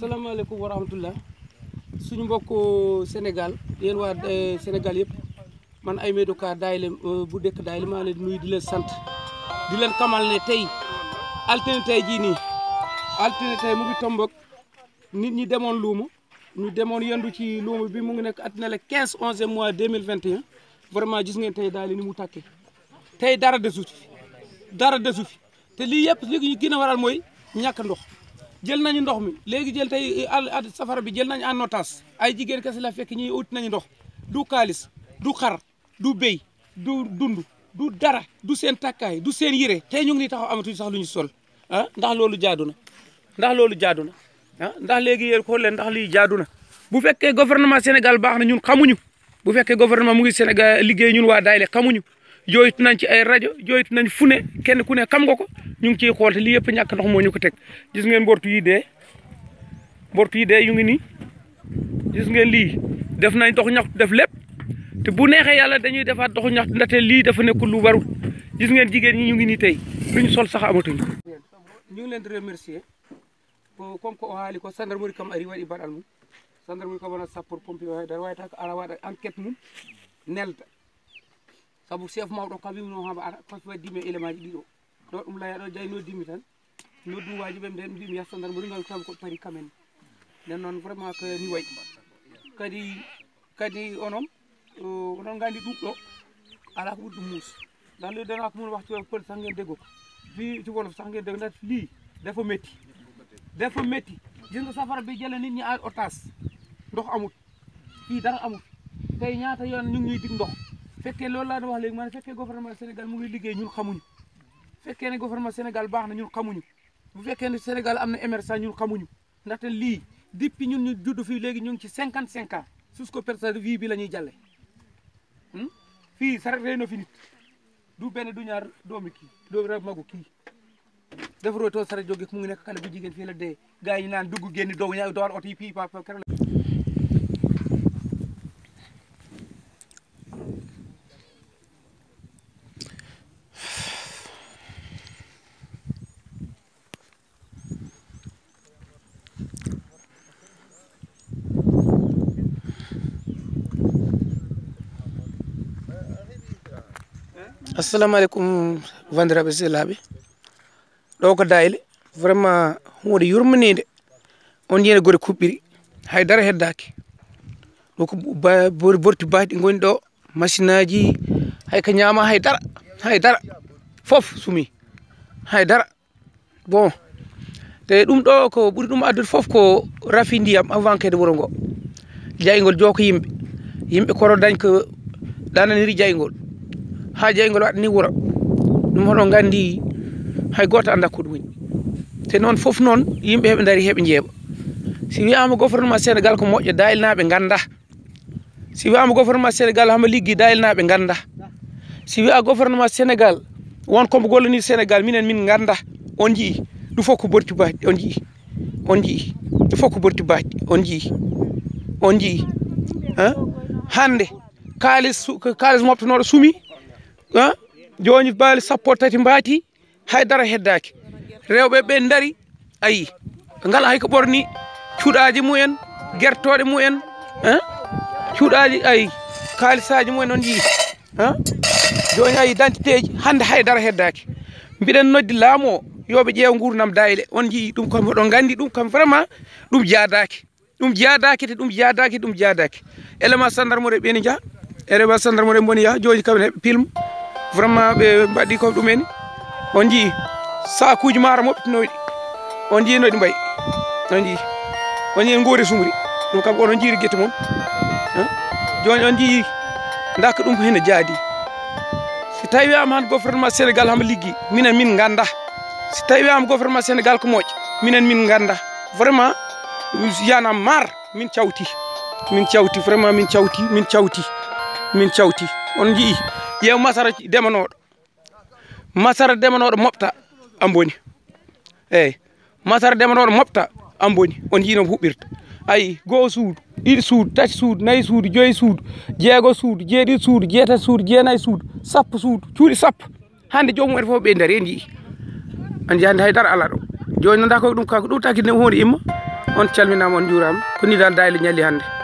salaamaaleykum wa rahmatullah suñu mbokku senegal yéen waa eh, Sénégal yëpp man ay Médouka Daayile eh, bu dëkk Daayile maa leen nuyu di leen sant di leen xamal ne tey altine tey jii nii altine tey mu ngi tombog nit ñi demoon luuma ñu demoon yendu ci luuma bi mu ngi nekk at na le 15 11 mois 2021 vraiment gis ngeen tey daal ni mu takkee tey dara desu fi dara desu fi te lii yëpp li ñu gën a waral mooy ñàkk ndox. jël nañu ndox mi léegi jël tey àll safara bi jël nañu en otage ay jigéen kese la fekk ñuy ut nañu ndox du kaalis du xar du béy du dund du dara du seen takkaay du seen yire tey ñu ngi nii taxaw amatuñ sax lu ñu sol ah ndax loolu jaadu na ndax loolu jaadu na ah ndax léegi yéen leen ndax lii jaadu na bu fekkee gouvernement Sénégal baax na ñun xamuñu bu fekkee gouvernement mu ngi Sénégal liggéey ñun waa Dayle xamuñu jooytu nañ ci ay rajo jooytu nañ fu ne kenn ku ne xam nga ko ñu ngi ciy xool te lii yëpp ñàkk ndox moo ñu ko teg gis ngeen mbortu yii de mbortu yi de yu ngi nii gis ngeen lii def nañ dox ñaxtu def lépp te bu neexee yàlla dañuy defaat doxu ñaxtu ndaxte lii dafa nekk lu warul gis ngeen jigéen ñi ñu ngi nii tey luñ sol sax amatuñ ñu ngi leen di remercier comme ko o haali ko sandarmori kam ari waɗi mbaɗal mum sandarmori kam wona sappo pompier wayda wayta ko ara waɗa enquête mum nelda sabu chef mawdo rokabi muno haba ara koto waddimi e élément ji ɗiɗo ɗo ɗum laya ɗo no noddimi tan noddu waji ɓe nden mbimi ndar mo ringal tawi ko pari kamen den non vraiment que ni way kadi kadi onom, non gandi ɗuɗɗo ala ko ɓuuri ɗum muus dans le danako mum waktu pol sangen dego fi cugolof sangen dego nat li defo metti defo metti gis safara bi jele nit ñi ay otage ndox amut fi dara amut tay ñaata yoon ñu ngi dig ndox fekkee loolu laa wax léegi man fekkee gouvernement Sénégal mu ngi liggéey ñun xamuñu fekkee ne gouvernement Sénégal baax na ñun xamuñu bu fekkee ne Sénégal am na émergence ñun xamuñu ndaxte lii depuis ñun ñu juddu fii léegi ñu ngi ci cinquante cinq ans sus ko perte de bi la ñuy jàlle hmm? fii saret rey na fi nit du benn du ñaar doomi kii doomi rek magu kii defaroo too saret jóge mu ngi nekk xale bu jigéen fii la dee naan dugg génn doow ñaa dowal oto yi pii paa assalamu aleykum bandiraɓe sehlaɓe ɗo ko dayle vraiment hum waɗi yurminide on yiyde gore kuɓɓiri haydara heddaki ɗo ko borti bahi ɗi gooni ɗo machine aji hay ko ñama haydara haydara foof suumi haydara bon te ɗum ɗo ko ɓuuri ɗum addude foof ko rafi ndiyam avant kede wuuro ngo jayigol jooko yimɓe yimɓe koro dañ ko ɗananiri jayigol ha jeygol ni wuro dum hono gandi hay goto anda ko dum woni te non fof non yimbe be dari hebe jeeba si wiyama gouvernement senegal ko moƴƴo dayilnaɓe ganda si wiyama gouvernement sénégal hama liggui dayilnaɓe ganda si wiya gouvernement senegal won kombo gollani senegal minen min ganda on ji du fof borti baaɗi on ji on ji du fof borti baaɗi on ji on ji hande kalis kalis moftonoɗo sumi a ah, joni baali sappo tati mbaati haydara heddaki rewɓe ɓe dari ayi ngala hayko ɓorni cuuɗaji mumen guertoɗe mumen ah, cuuɗaji ayi kaalisaji mumen on yii ah, joni ayi dentité ji hande haydara heddaki mbiɗen noddi laamu o yoɓe ƴeew gurdam dayle on jii ɗum kam oɗon gandi ɗum kam vraiment ɗum jaadaki ɗum jaadaki te ɗum jaadaki ɗum jaadaki élément gendarmerie ɓeni jaa élément gendarmerie boni yaha joni kam heɓe pilme vraiment ɓe mbaɗɗi ko ɗumen on jii sakuji maaro moɓɓitinoyɗi on jii e no ɗi mbayi on jii on jii en goori sumri ɗum kam oɗon jiiri guete moon joni on jii daka ɗum hene jaadi si tawi wiyama han gouvernement sénégal hama liggi minen min ganda si tawi wiyama gouvernement sénégal ko minen min ganda vraiment yanam mar min cawti min cawti vraiment min cawti min cawti min cawti on jii yew masara demanoɗo masara demanoɗo mofta a boni eyyi masara demanoɗo mofta a boni on jiinomo huɓɓirta ayi goho suudu ɗiɗi suudu tati suudu nayyi suudu joyi suudu jeego suudu jeeɗiɗi suudu jeetati suudu jeenayi suudu sappo suudu cuuɗi sappo hande joomumen fof ɓe ndaari en jii andi hande haydara ala ɗo joni noda koko ɗum kako ɗum taki ne hunde imma on calminama on juurama ko nidal dayle ñalli hande